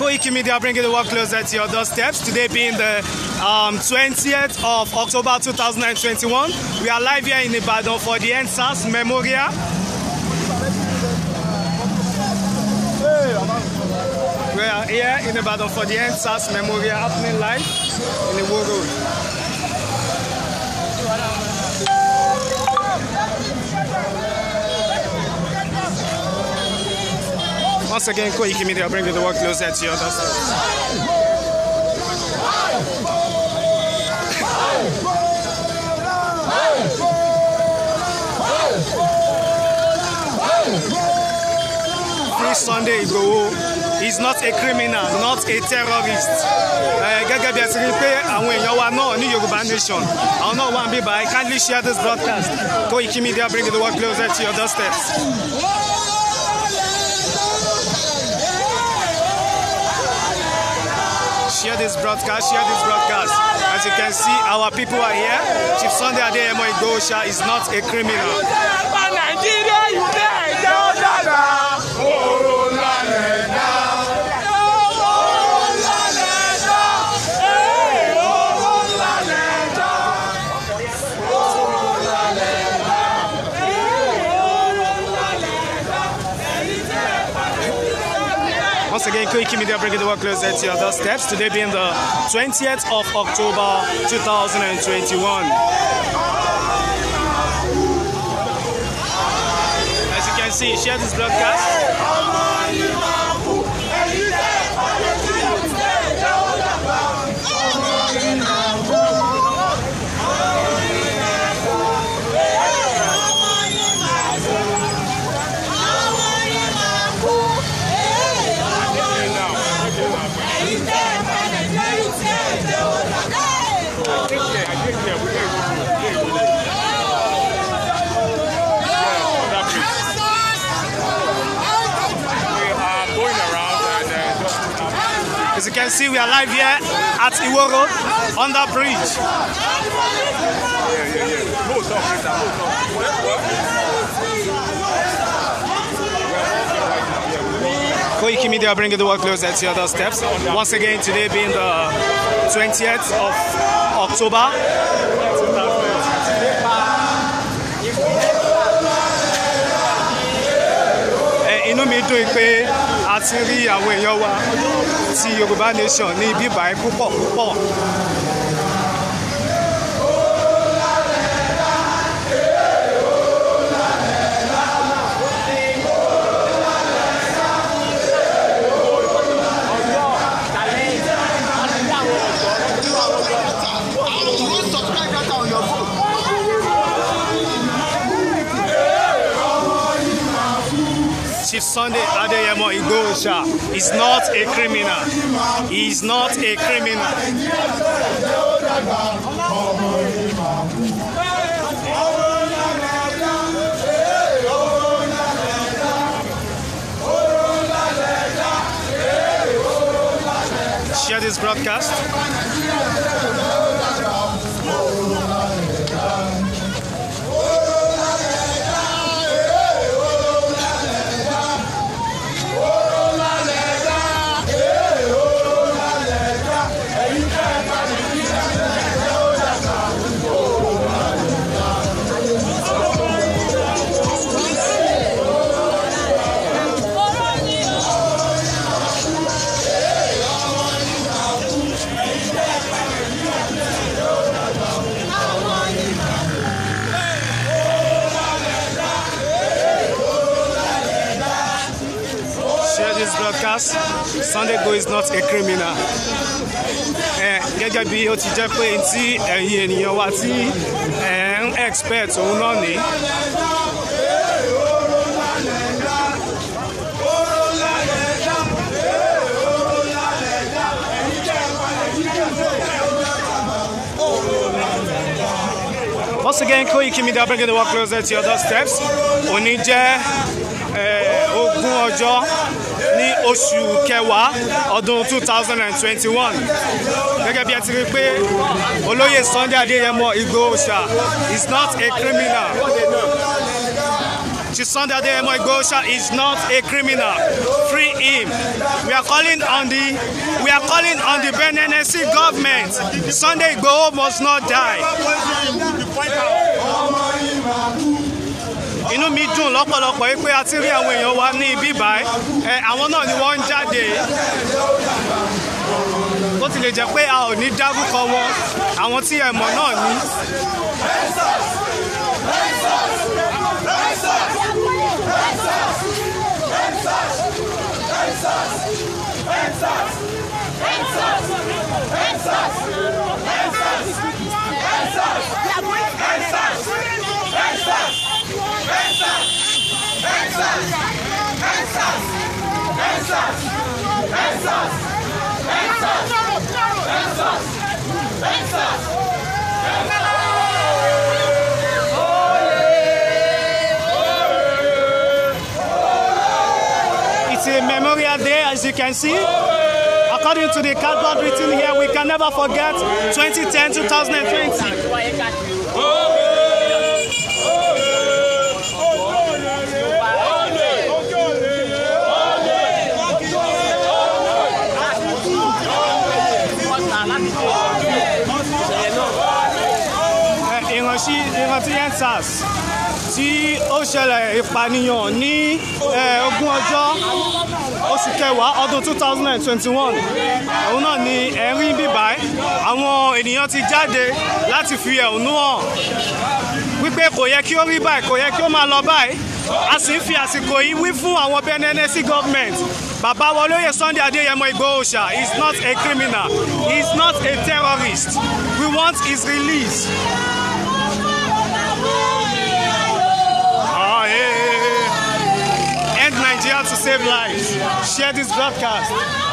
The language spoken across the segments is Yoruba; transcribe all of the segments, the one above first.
Koiki Media bringing the world closer to your doorsteps. Today being the um, 20th of October 2021. We are live here in Ibadan for the NSAS Memorial. We are here in Ibadan for the NSAS Memorial happening live in the world. Road. Once again, Koiki Media bringing the work closer to your doorstep. Free Sunday Igboho is not a criminal, not a terrorist. Eh, gẹ́gẹ́ bí ẹ ti You are not èèyàn wa náà ní Yorùbá nation, àwọn náà wà ń bíbá. I kindly share this broadcast. Koiki Media bring the world closer to your doorsteps. share this broadcast, share this broadcast. As you can see, our people are here. Chief Sunday Adeyemo Igosha is not a criminal. Wikimedia bringing the work closer to your doorsteps. Today being the 20th of October 2021. As you can see, share this broadcast. As you can see, we are live here at Iworo on that bridge. Yeah, yeah, yeah. Koiki Media bringing the world closer the other steps. Once again, today being the 20th of October, eh, inú mi dùn pé a ti rí àwọn èèyàn wa ti Yorùbá Nation ní ibi ìbàyẹn púpọ̀ púpọ̀ Sunday Adeyemo Igosha is not a criminal. He is not a criminal. Share this broadcast. Rangers Sunday is not a criminal eh, gẹ́gẹ́ bí ó ti jẹ́ pé tí ẹ̀yin ènìyàn wa tí ẹ̀ eh, ń expect òun náà ní. Once again, Koiki Media bringing the work closer to your doorsteps. Òní jẹ́ eh, ogún ọjọ́ oṣù kẹwàá ọdún two thousand and twenty-one gẹ́gẹ́ bí ẹ ti rí pé olóyè Sunday Adéyẹmọ Igbóhòṣà is not a criminal. Sunday Adeyemo Igbóhòṣà is not a criminal. Free him. We are calling on the we are calling on the Benin NC government. Sunday Igboho must not die inú mi dùn lọ́pọ̀lọpọ̀ yìí pé a ti rí àwọn èèyàn wa ní ibi báyìí ẹ àwọn náà ni wọ́n ń jáde bó tilẹ̀ jẹ́ pé a ò ní dárúkọ wọn àwọn tí ẹ mọ̀ náà ni. Texas! Texas! Texas! Texas! It's a Memorial Day, as you can see. According to the cardboard written here, we can never forget 2010-2020. fourteen yẹn sars tí ó ṣẹlẹ̀ ìpànìyàn ní ogún ọjọ́ oṣù kẹwàá ọdún two thousand and twenty one òun náà ni ẹ̀rín bíbáyé àwọn ènìyàn ti jáde láti fi ẹ̀hónú hàn wípé kò yẹ kí ó rí báyìí kò yẹ kí ó máa lọ báyìí a sì ń fi àsìkò yìí wí fún àwọn BNNC government bàbá wa olóyè Sunday Adéyẹmọ Ìgbòho Òòṣà is not a criminal he is not a terrorist we want his release. volunteer to save lives. Share this broadcast.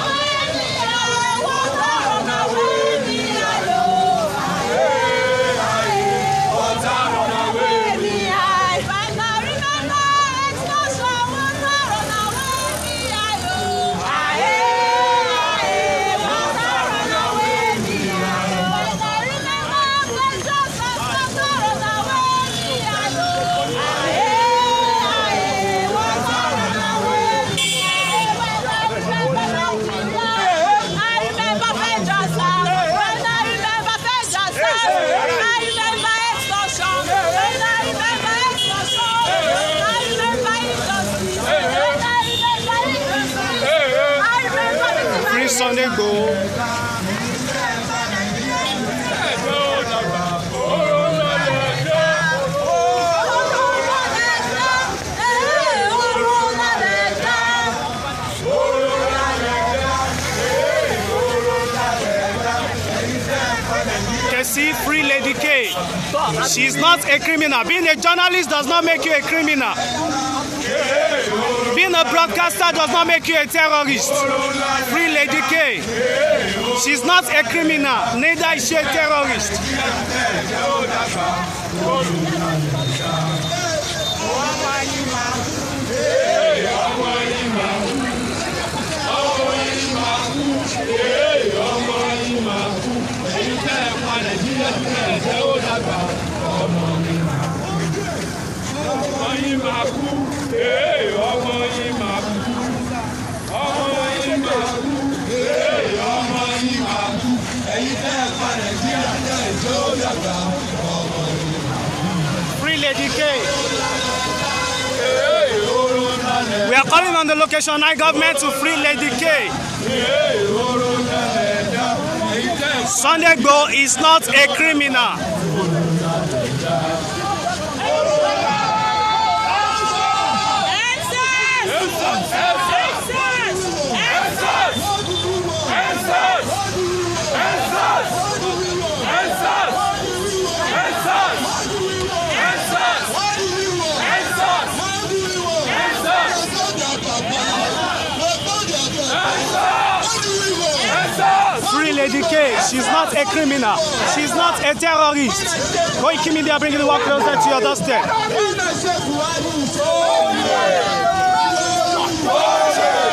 She's not a criminal. Being a journalist does not make you a criminal. Being a broadcaster does not make you a terrorist. Free Lady K. She's not a criminal, neither is she a terrorist. Yeah ọmọ mi máa kú. ọmọ yín máa kú. ọmọ yín máa kú. ọmọ yín máa kú. ọmọ yín máa kú. ẹ̀yin tẹ́ ẹ̀ pa nàìjíríà náà ìjọ yàgbà ọmọ yín máa kú. Free Lady K. We are calling on the location high government to free Lady K. Sunday Igboho is not a criminal. educate. She's not a criminal. She's not a terrorist. Koiki Media bringing the work closer to your doorstep. Oh,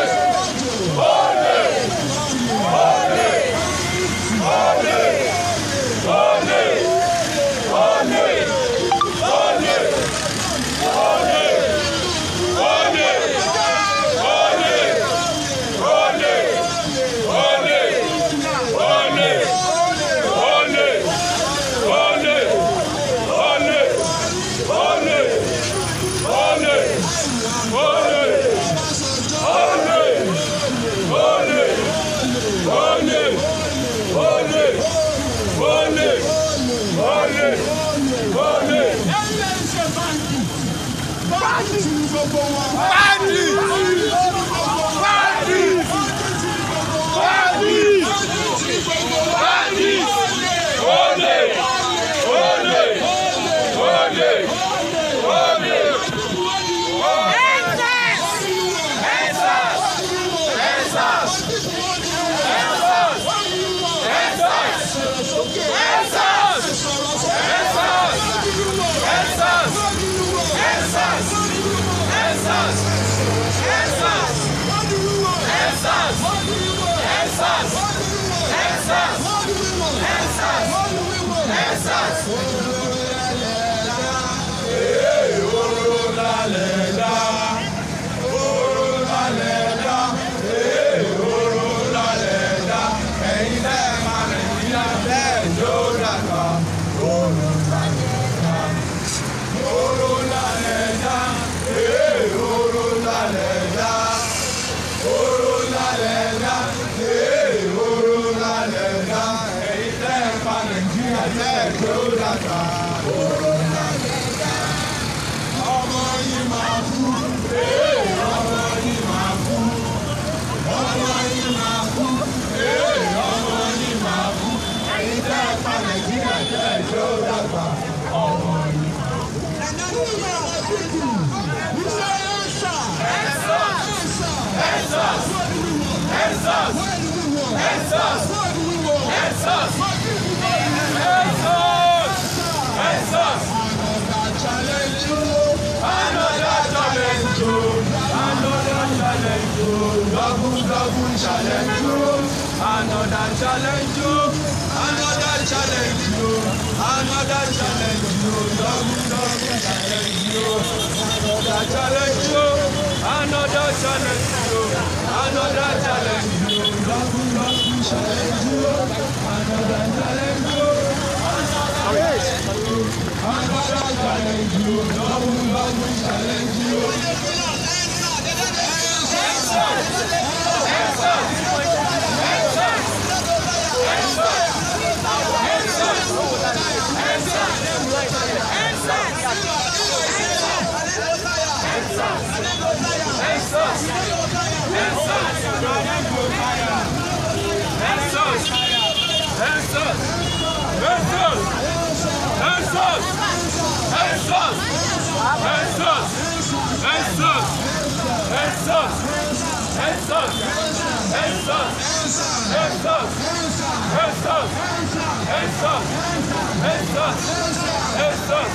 Another challenge you. Oh. another challenge you. Oh. another challenge you. Oh. another challenge o double double challenge o another challenge you. another challenge you. another challenge o double double challenge o another challenge you. another challenge you. another challenge o double double challenge o. Thank you. Hands up! Hands up! Ensar! Ensar! Ensar! Ensar! Ensar! Ensar! Ensar!